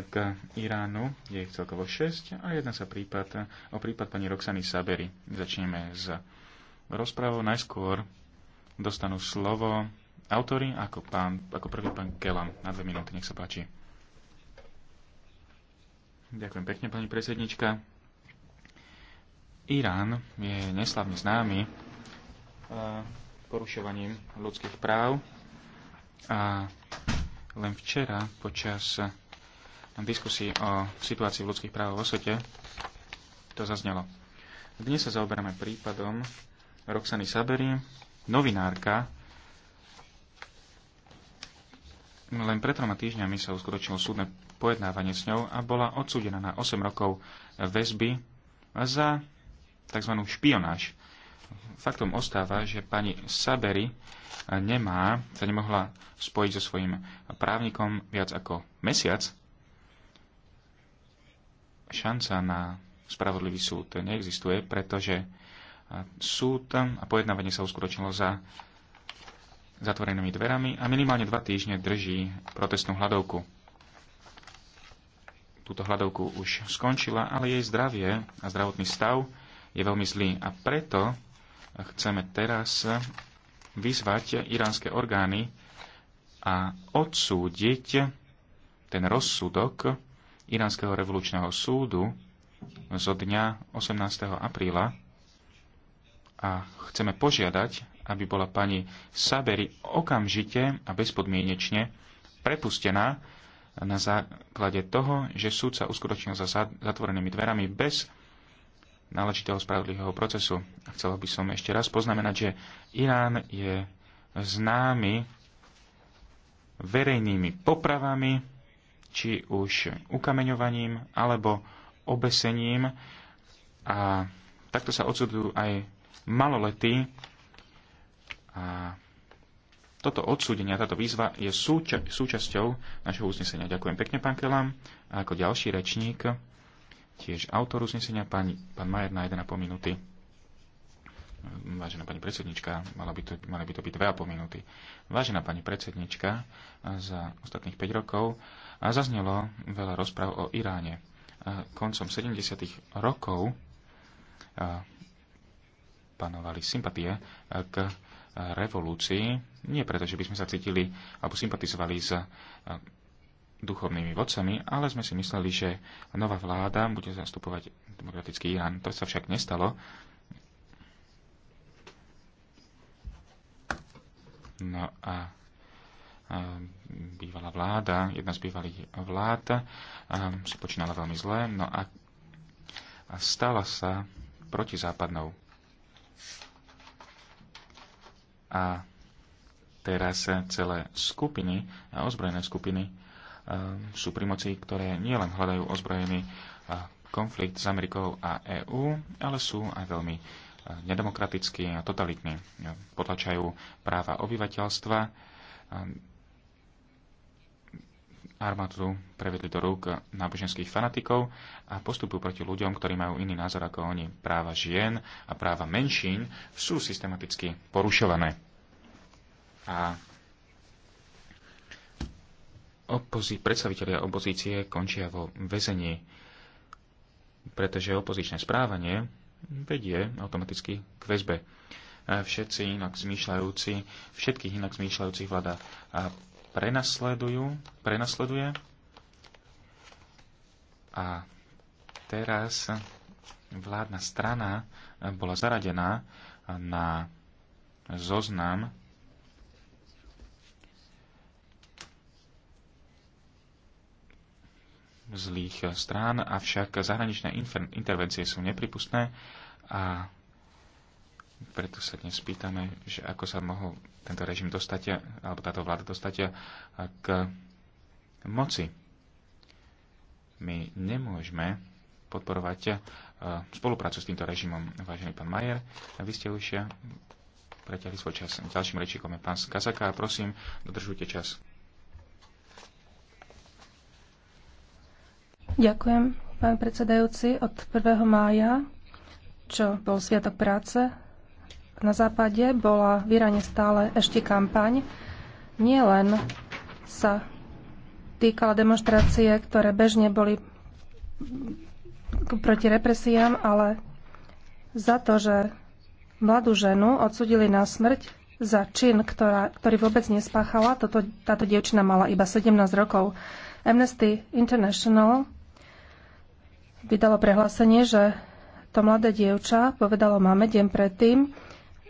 k Iránu, je ich celkovo 6 a jedna sa prípad, o prípad pani Roxany Sabery. Začneme s rozprávou. Najskôr dostanú slovo autory ako, pán, ako prvý pán Kelam na dve minúty. Nech sa páči. Ďakujem pekne, pani predsednička. Irán je neslavne známy e, porušovaním ľudských práv a len včera počas diskusii o situácii v ľudských práv vo svete to zaznelo. Dnes sa zaoberáme prípadom Roxany Sabery, novinárka. Len pred troma týždňami sa uskutočnilo súdne pojednávanie s ňou a bola odsúdená na 8 rokov väzby za tzv. špionáž. Faktom ostáva, že pani Sabery nemá, sa nemohla spojiť so svojím právnikom viac ako mesiac šanca na spravodlivý súd neexistuje, pretože e, súd a pojednávanie sa uskutočnilo za zatvorenými dverami a minimálne dva týždne drží protestnú hľadovku. Túto hľadovku už skončila, ale jej zdravie a zdravotný stav je veľmi zlý a preto chceme teraz vyzvať iránske orgány a odsúdiť ten rozsudok, Iránskeho revolučného súdu zo dňa 18. apríla a chceme požiadať, aby bola pani Saberi okamžite a bezpodmienečne prepustená na základe toho, že súd sa uskutočnil za zatvorenými dverami bez náležitého spravodlivého procesu. A chcel by som ešte raz poznamenať, že Irán je známy verejnými popravami, či už ukameňovaním alebo obesením. A takto sa odsudujú aj maloletí. A toto odsúdenie, táto výzva je súča- súčasťou našho uznesenia. Ďakujem pekne, pán Kelam. A ako ďalší rečník, tiež autor uznesenia, pán, pán Majer na 1,5 minúty. Vážená pani predsednička, mala by to, mala by to byť 2,5 minúty. Vážená pani predsednička, za ostatných 5 rokov zaznelo veľa rozpráv o Iráne. Koncom 70. rokov panovali sympatie k revolúcii, nie preto, že by sme sa cítili alebo sympatizovali s duchovnými vodcami, ale sme si mysleli, že nová vláda bude zastupovať demokratický Irán. To sa však nestalo No a, bývalá vláda, jedna z bývalých vlád, si počínala veľmi zle, no a, stala sa protizápadnou. A teraz celé skupiny, a ozbrojené skupiny, sú pri moci, ktoré nielen hľadajú ozbrojený konflikt s Amerikou a EÚ, ale sú aj veľmi nedemokratickí a totalitní. Potlačajú práva obyvateľstva. Armádu prevedli do rúk náboženských fanatikov a postupujú proti ľuďom, ktorí majú iný názor ako oni. Práva žien a práva menšín sú systematicky porušované. A opozí, predstavitelia opozície končia vo väzení, pretože opozičné správanie vedie automaticky k väzbe. E, všetci inak zmýšľajúci, všetkých inak zmýšľajúcich vláda prenasledujú, prenasleduje a teraz vládna strana bola zaradená na zoznam zlých strán, avšak zahraničné intervencie sú nepripustné a preto sa dnes pýtame, že ako sa mohol tento režim dostať, alebo táto vláda dostať k moci. My nemôžeme podporovať eh, spoluprácu s týmto režimom, vážený pán Majer. Vy ste už eh, preťahli svoj čas. Ďalším rečíkom je pán Kazaka a prosím, dodržujte čas. Ďakujem, pán predsedajúci. Od 1. mája, čo bol Sviatok práce, na západe bola v Iráne stále ešte kampaň. Nie len sa týkala demonstrácie, ktoré bežne boli proti represiám, ale za to, že mladú ženu odsudili na smrť za čin, ktorá, ktorý vôbec nespáchala. Toto, táto dievčina mala iba 17 rokov. Amnesty International vydalo prehlásenie, že to mladé dievča povedalo mame deň predtým,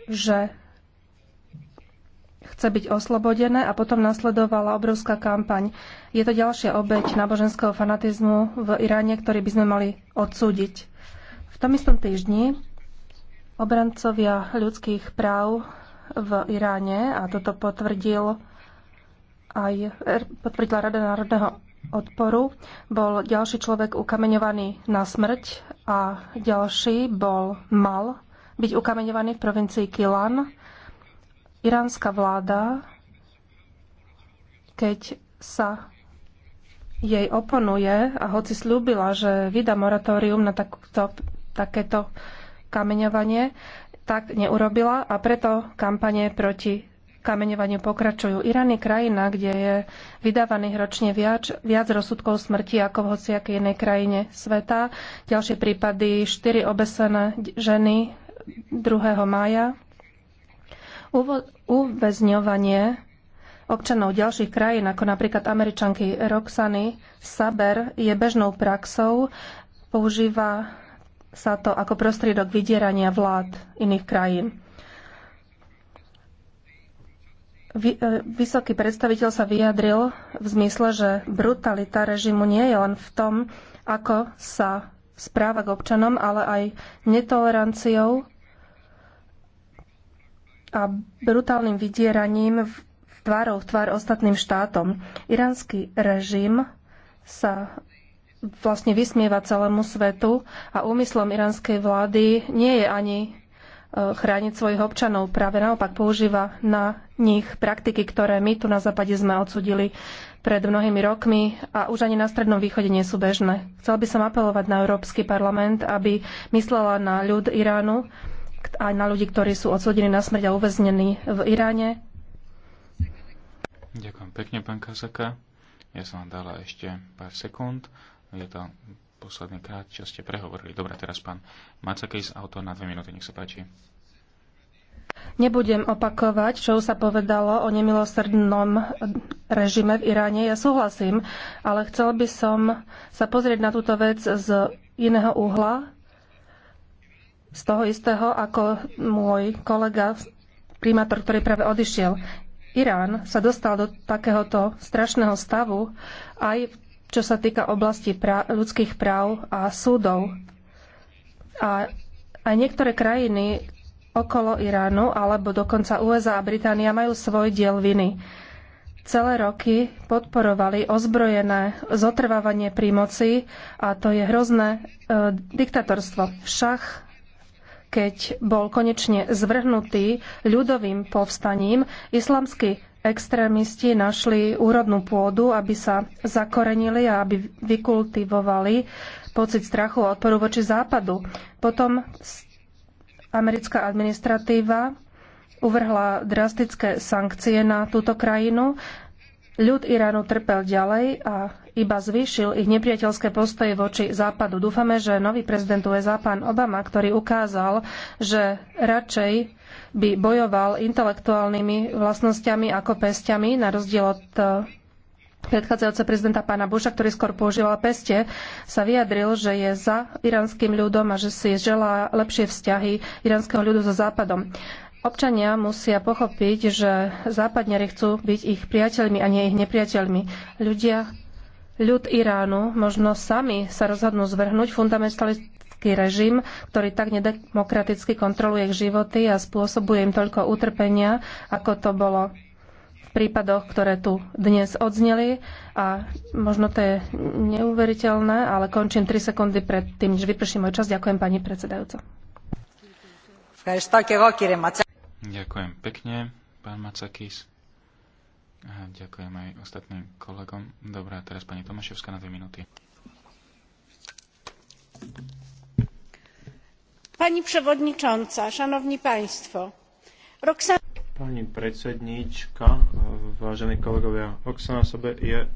že chce byť oslobodené a potom nasledovala obrovská kampaň. Je to ďalšia obeď náboženského fanatizmu v Iráne, ktorý by sme mali odsúdiť. V tom istom týždni obrancovia ľudských práv v Iráne, a toto potvrdil aj er, potvrdila Rada národného odporu. Bol ďalší človek ukameňovaný na smrť a ďalší bol mal byť ukameňovaný v provincii Kilan. Iránska vláda, keď sa jej oponuje a hoci slúbila, že vydá moratórium na takto, takéto kameňovanie, tak neurobila a preto kampane proti kameňovaniu pokračujú. Irán je krajina, kde je vydávaných ročne viac, viac rozsudkov smrti ako v hociakej inej krajine sveta. Ďalšie prípady, štyri obesené ženy 2. mája. Uvo- uväzňovanie občanov ďalších krajín, ako napríklad američanky Roxany Saber, je bežnou praxou. Používa sa to ako prostriedok vydierania vlád iných krajín. E, vysoký predstaviteľ sa vyjadril v zmysle, že brutalita režimu nie je len v tom, ako sa správa k občanom, ale aj netoleranciou a brutálnym vydieraním v tvárov v tvár ostatným štátom. Iránsky režim sa vlastne vysmieva celému svetu a úmyslom iránskej vlády nie je ani Eh, chrániť svojich občanov. Práve naopak používa na nich praktiky, ktoré my tu na západe sme odsudili pred mnohými rokmi a už ani na Strednom východe nie sú bežné. Chcel by som apelovať na Európsky parlament, aby myslela na ľud Iránu a na ľudí, ktorí sú odsudení na smrť a uväznení v Iráne. Ďakujem pekne, pán Kazaka. Ja som vám dala ešte pár sekúnd. Je to posledný krát, čo ste prehovorili. Dobre, teraz pán Macakejs, auto na dve minúty, nech sa páči. Nebudem opakovať, čo sa povedalo o nemilosrdnom režime v Iráne. Ja súhlasím, ale chcel by som sa pozrieť na túto vec z iného uhla, z toho istého, ako môj kolega, primátor, ktorý práve odišiel. Irán sa dostal do takéhoto strašného stavu aj čo sa týka oblasti prá- ľudských práv a súdov. A aj niektoré krajiny okolo Iránu alebo dokonca USA a Británia majú svoj diel viny. Celé roky podporovali ozbrojené zotrvávanie pri moci a to je hrozné e, diktatorstvo. Však keď bol konečne zvrhnutý ľudovým povstaním, islamský extrémisti našli úrodnú pôdu, aby sa zakorenili a aby vykultivovali pocit strachu a odporu voči západu. Potom americká administratíva uvrhla drastické sankcie na túto krajinu Ľud Iránu trpel ďalej a iba zvýšil ich nepriateľské postoje voči Západu. Dúfame, že nový prezident USA, pán Obama, ktorý ukázal, že radšej by bojoval intelektuálnymi vlastnosťami ako pestiami, na rozdiel od eh, predchádzajúceho prezidenta pána Busha, ktorý skôr používal peste, sa vyjadril, že je za iránskym ľudom a že si želá lepšie vzťahy iránskeho ľudu so Západom. Občania musia pochopiť, že západňari chcú byť ich priateľmi a nie ich nepriateľmi. Ľudia, ľud Iránu možno sami sa rozhodnú zvrhnúť fundamentalistický režim, ktorý tak nedemokraticky kontroluje ich životy a spôsobuje im toľko utrpenia, ako to bolo v prípadoch, ktoré tu dnes odzneli. A možno to je neuveriteľné, ale končím 3 sekundy pred tým, než vyprším môj čas. Ďakujem pani predsedajúca. Ďakujem pekne, pán Macakis. A ďakujem aj ostatným kolegom. Dobrá, teraz pani Tomaševská na dve minúty. Pani przewodnicząca, szanowni państwo. Roxana... Pani predsedníčka, vážení kolegovia, Oksana Sobe je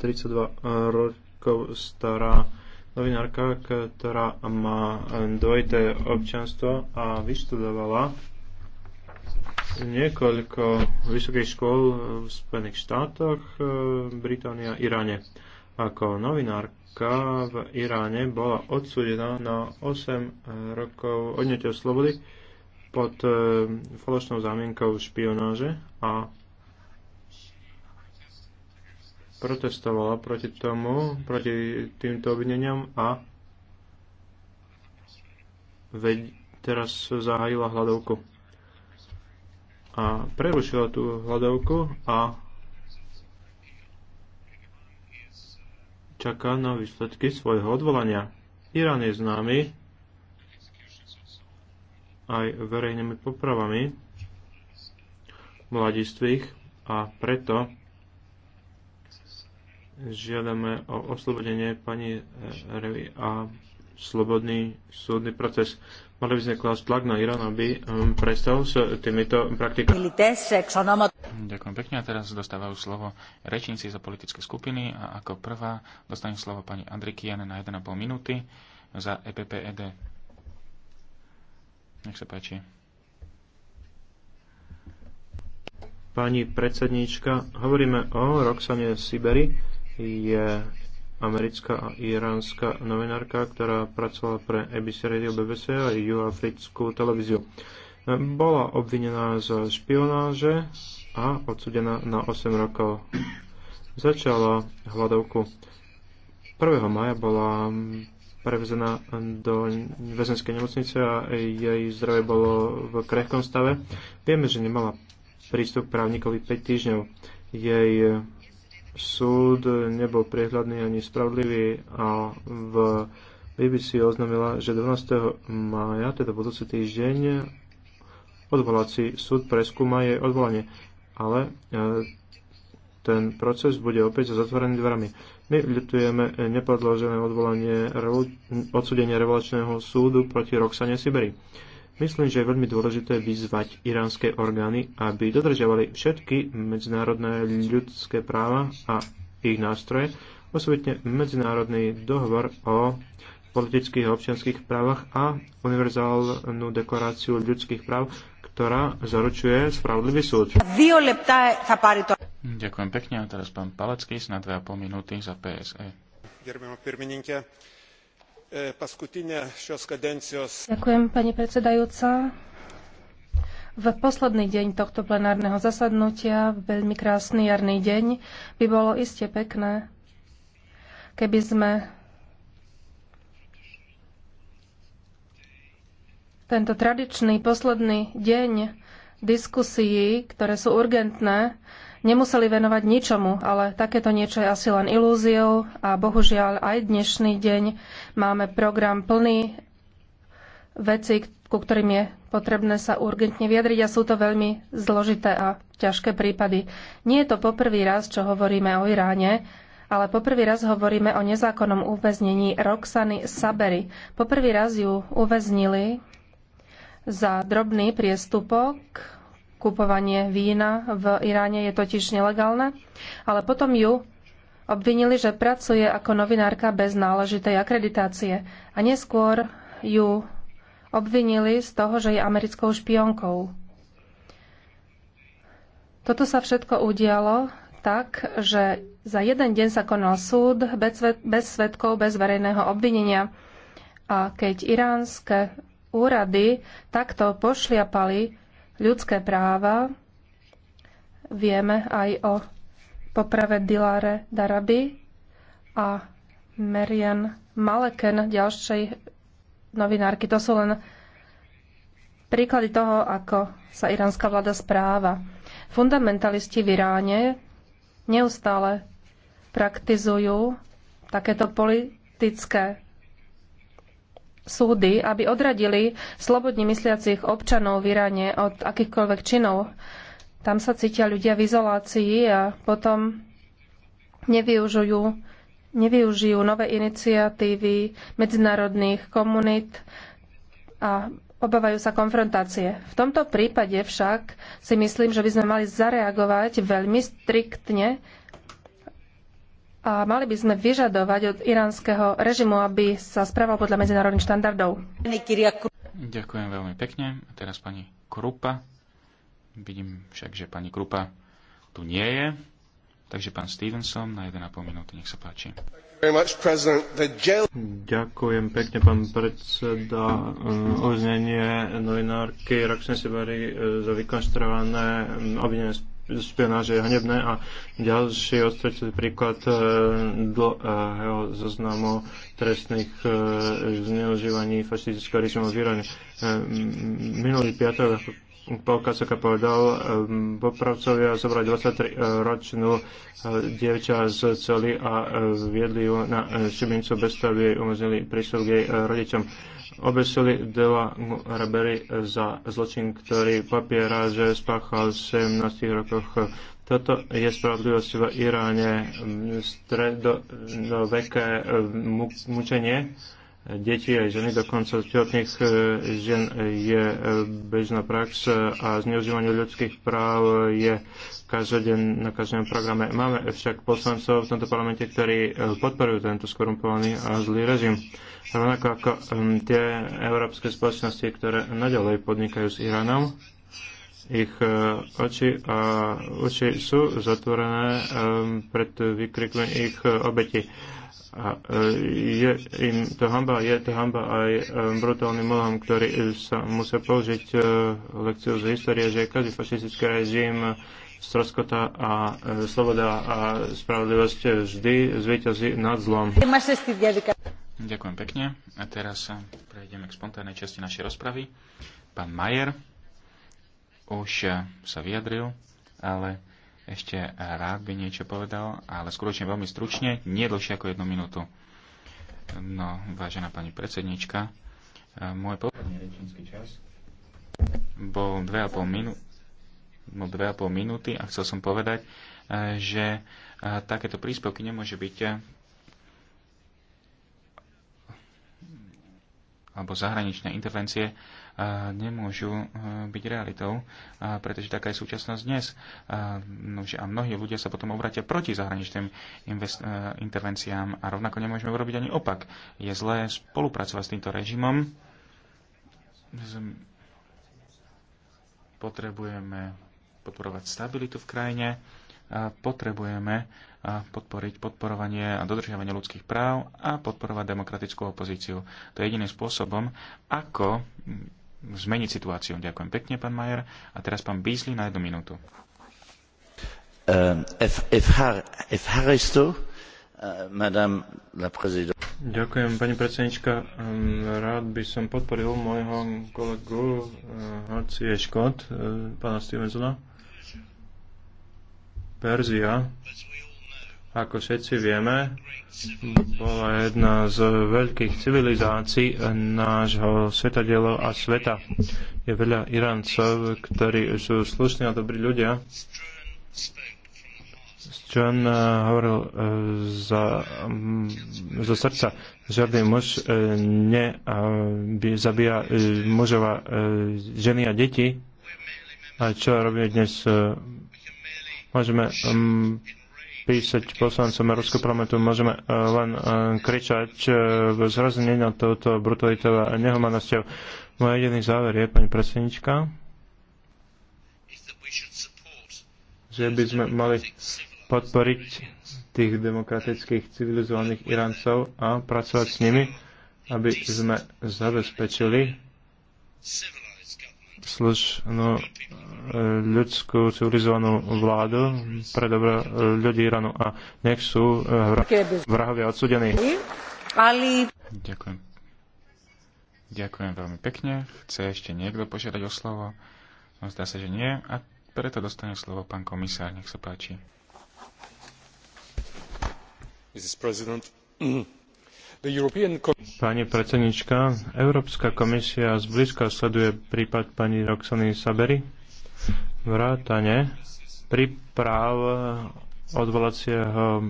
32 eh, eh, rokov stará novinárka, ktorá má eh, dvojité občanstvo a vyštudovala niekoľko vysokých škôl v Spojených štátoch, e, Británia, Iráne. Ako novinárka v Iráne bola odsúdená na 8 e, rokov odňatia slobody pod e, falošnou zámienkou špionáže a protestovala proti tomu, proti týmto obvineniam a veď teraz zahájila hladovku a prerušila tú hľadovku a čaká na výsledky svojho odvolania. Irán je známy aj verejnými popravami mladistvých a preto žiadame o oslobodenie pani eh, Revy a slobodný súdny proces. Mali by sme klásť tlak na Irán, aby um, prestal s týmito praktikami. Ďakujem pekne a teraz dostávajú slovo rečníci za politické skupiny a ako prvá dostane slovo pani Andriky Jane na 1,5 minúty za EPPED. Nech sa páči. Pani predsednička, hovoríme o Roxane Sibery, je americká a iránska novinárka, ktorá pracovala pre ABC Radio BBC a juafrickú televíziu. Bola obvinená z špionáže a odsudená na 8 rokov. Začala hľadovku. 1. maja bola prevezená do väzenskej nemocnice a jej zdravie bolo v krehkom stave. Vieme, že nemala prístup k právnikovi 5 týždňov. Jej súd nebol prehľadný ani spravodlivý a v BBC oznamila, že 12. mája, teda budúci týždeň, odvolací súd preskúma jej odvolanie. Ale e, ten proces bude opäť za zatvorenými dverami. My ľutujeme nepodložené odvolanie, odsudenia revolačného súdu proti Roxane Siberi. Myslím, že je veľmi dôležité vyzvať iránske orgány, aby dodržiavali všetky medzinárodné ľudské práva a ich nástroje, osobitne Medzinárodný dohovor o politických a občianských právach a Univerzálnu deklaráciu ľudských práv, ktorá zaručuje spravodlivý súd. Ďakujem pekne. A teraz pán Palecký na 2,5 minúty za PSE. E, šios kadencijos. Ďakujem, pani predsedajúca. V posledný deň tohto plenárneho zasadnutia, veľmi krásny jarný deň, by bolo iste pekné, keby sme tento tradičný posledný deň diskusií, ktoré sú urgentné, nemuseli venovať ničomu, ale takéto niečo je asi len ilúziou a bohužiaľ aj dnešný deň máme program plný veci, ku ktorým je potrebné sa urgentne vyjadriť a sú to veľmi zložité a ťažké prípady. Nie je to poprvý raz, čo hovoríme o Iráne, ale poprvý raz hovoríme o nezákonnom uväznení Roxany Sabery. Poprvý raz ju uväznili za drobný priestupok Kupovanie vína v Iráne je totiž nelegálne, ale potom ju obvinili, že pracuje ako novinárka bez náležitej akreditácie a neskôr ju obvinili z toho, že je americkou špionkou. Toto sa všetko udialo tak, že za jeden deň sa konal súd bez, bez svetkov, bez verejného obvinenia. A keď iránske úrady takto pošliapali ľudské práva. Vieme aj o poprave Dilare Daraby a Marian Maleken, ďalšej novinárky. To sú len príklady toho, ako sa iránska vláda správa. Fundamentalisti v Iráne neustále praktizujú takéto politické súdy, aby odradili slobodne mysliacich občanov v Iráne od akýchkoľvek činov. Tam sa cítia ľudia v izolácii a potom nevyužujú, nevyužijú nové iniciatívy medzinárodných komunít a obávajú sa konfrontácie. V tomto prípade však si myslím, že by sme mali zareagovať veľmi striktne a mali by sme vyžadovať od iránskeho režimu, aby sa správal podľa medzinárodných štandardov. Ďakujem veľmi pekne. A teraz pani Krupa. Vidím však, že pani Krupa tu nie je. Takže pán Stevenson na 1,5 minúty, nech sa páči. Ďakujem pekne, pán predseda. Uznenie novinárky Roxane Sibari za vykonštruované obvinenie z špionáže je hnebné a ďalší odstretili príklad e, dlhého e, zoznamu trestných e, zneužívaní fašistického režimu v Iráne. E, minulý piatok Paul Kasaka povedal, e, popravcovia zobrali 23-ročnú dievča z cely a viedli ju na Šibincu bez toho, aby umožnili prístup k jej rodičom. Obesili Dela Rabery za zločin, ktorý papiera, že spáchal v 17 rokoch toto je spravodlivosť v Iráne, stredoveké mučenie detí aj ženy, dokonca tehotných e, žien je e, bežná prax a zneužívanie ľudských práv je každoden, na každom programe. Máme však poslancov v tomto parlamente, ktorí e, podporujú tento skorumpovaný a zlý režim. Rovnako ako tie európske spoločnosti, ktoré naďalej podnikajú s Iránom ich eh, oči a oči sú zatvorené pred vykrikmi ich eh, obeti. A eh, je im to hamba, je to hamba aj brutálnym mohom, ktorý sa musel použiť lekciu z histórie, že každý fašistický režim stroskota a sloboda a spravodlivosť vždy zvýťazí nad zlom. Ďakujem pekne. A teraz prejdeme k spontánnej časti našej rozpravy. Pán Majer už eh, sa vyjadril, ale ešte rád by niečo povedal, ale skutočne veľmi stručne, nie dlhšie ako jednu minútu. No, vážená pani predsednička, eh, môj posledný čas bol 2,5 minúty no pol minúty a chcel som povedať, eh, že takéto príspevky nemôže byť alebo zahraničné intervencie nemôžu e, byť realitou, pretože taká je súčasnosť dnes. A mnohí ľudia sa potom obratia proti zahraničným e, intervenciám a rovnako nemôžeme urobiť ani opak. Je zlé spolupracovať s týmto režimom. Potrebujeme podporovať stabilitu v krajine, potrebujeme podporiť podporovanie a dodržiavanie ľudských práv a podporovať demokratickú opozíciu. To je jediným spôsobom, ako zmeniť situáciu. Ďakujem pekne, pán Majer. A teraz pán Beasley na jednu minútu. Um, uh, Ďakujem, pani predsednička. Um, rád by som podporil môjho kolegu uh, Hacie Škot, uh, pána Stevensona. Perzia ako všetci vieme, bola jedna z veľkých civilizácií nášho svetadielo a sveta. Je veľa Iráncov, ktorí sú slušní a dobrí ľudia. John eh, hovoril eh, za, mm, za srdca, žiadny muž eh, ne zabíja mužova ženy a deti. A čo robíme dnes? Môžeme mm, písať poslancom Európskeho parlamentu. Môžeme eh, len eh, kričať eh, v zrazení na toto brutalitou a nehumanosťou. Môj jediný záver je, pani predsednička, že by sme mali podporiť tých demokratických civilizovaných Iráncov a pracovať s nimi, aby sme zabezpečili slušnú no, e, ľudskú civilizovanú vládu pre dobro e, ľudí Iránu a nech sú e, vrahovia odsudení. Ďakujem. Ďakujem veľmi pekne. Chce ešte niekto požiadať o slovo? No, zdá sa, že nie. A preto dostane slovo pán komisár. Nech sa páči. Mrs. President, Pani predsednička, Európska komisia zblízka sleduje prípad pani Roxany Sabery vrátane príprav odvolacieho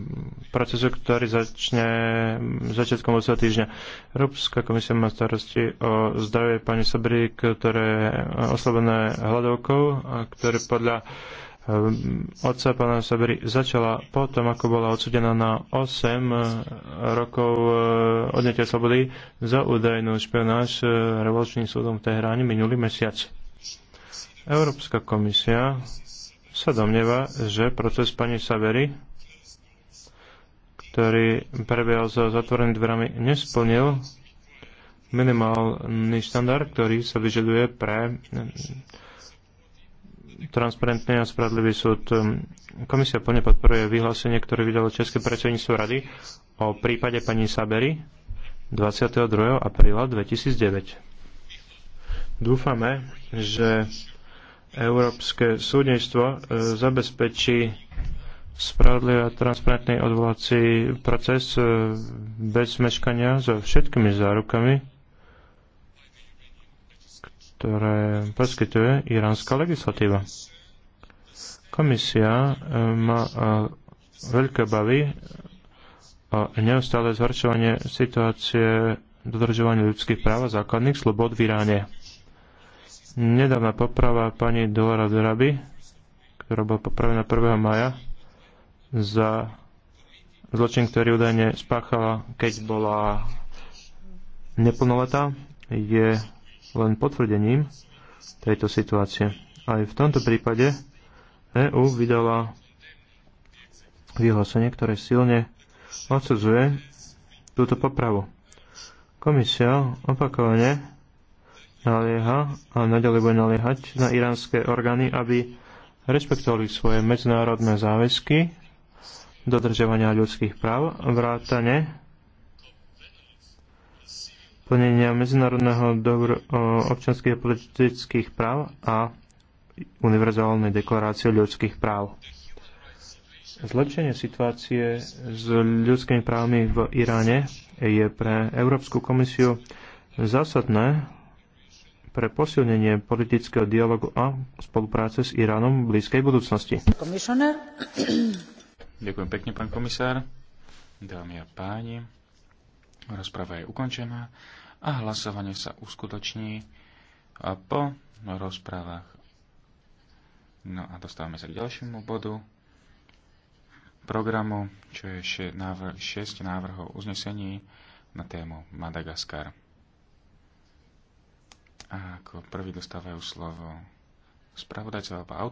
procesu, ktorý začne začiatkom budúceho týždňa. Európska komisia má starosti o zdravie pani Sabry, ktoré je oslabené hladovkou a ktoré podľa Ehm, otca pána Sabery začala potom, ako bola odsudená na 8 eh, rokov eh, odnetia slobody za údajnú špionáž eh, revolučným súdom v Tehráne minulý mesiac. Európska komisia sa domnieva, že proces pani Savery, ktorý prebiehal za zatvorenými dverami, nesplnil minimálny štandard, ktorý sa vyžaduje pre transparentný a spravodlivý súd. Hm, komisia plne podporuje vyhlásenie, ktoré vydalo České predsedníctvo rady o prípade pani Sabery 22. apríla 2009. Dúfame, že Európske súdnictvo e, zabezpečí spravodlivý a transparentný odvolací proces e, bez meškania so všetkými zárukami, ktoré poskytuje iránska legislatíva. Komisia e, má e, veľké bavy o neustále zhoršovanie situácie dodržovania ľudských práv a základných slobod v Iráne. Nedávna poprava pani Dora Draby, ktorá bola popravená 1. maja za zločin, ktorý údajne spáchala, keď bola neplnoletá, je len potvrdením tejto situácie. Aj v tomto prípade EU vydala vyhlásenie, ktoré silne odsudzuje túto popravu. Komisia opakovane nalieha a naďalej bude naliehať na iránske orgány, aby rešpektovali svoje medzinárodné záväzky dodržiavania ľudských práv, vrátane plnenia medzinárodného dobro, občanských a politických práv a univerzálnej deklarácie ľudských práv. Zlepšenie situácie s ľudskými právami v Iráne je pre Európsku komisiu zásadné pre posilnenie politického dialogu a spolupráce s Iránom v blízkej budúcnosti. Ďakujem pekne, pán komisár. Dámy a páni. Rozprava je ukončená a hlasovanie sa uskutoční po rozprávach. No a dostávame sa k ďalšiemu bodu programu, čo je 6 návrhov uznesení na tému Madagaskar. A ako prvý dostávajú slovo spravodajca alebo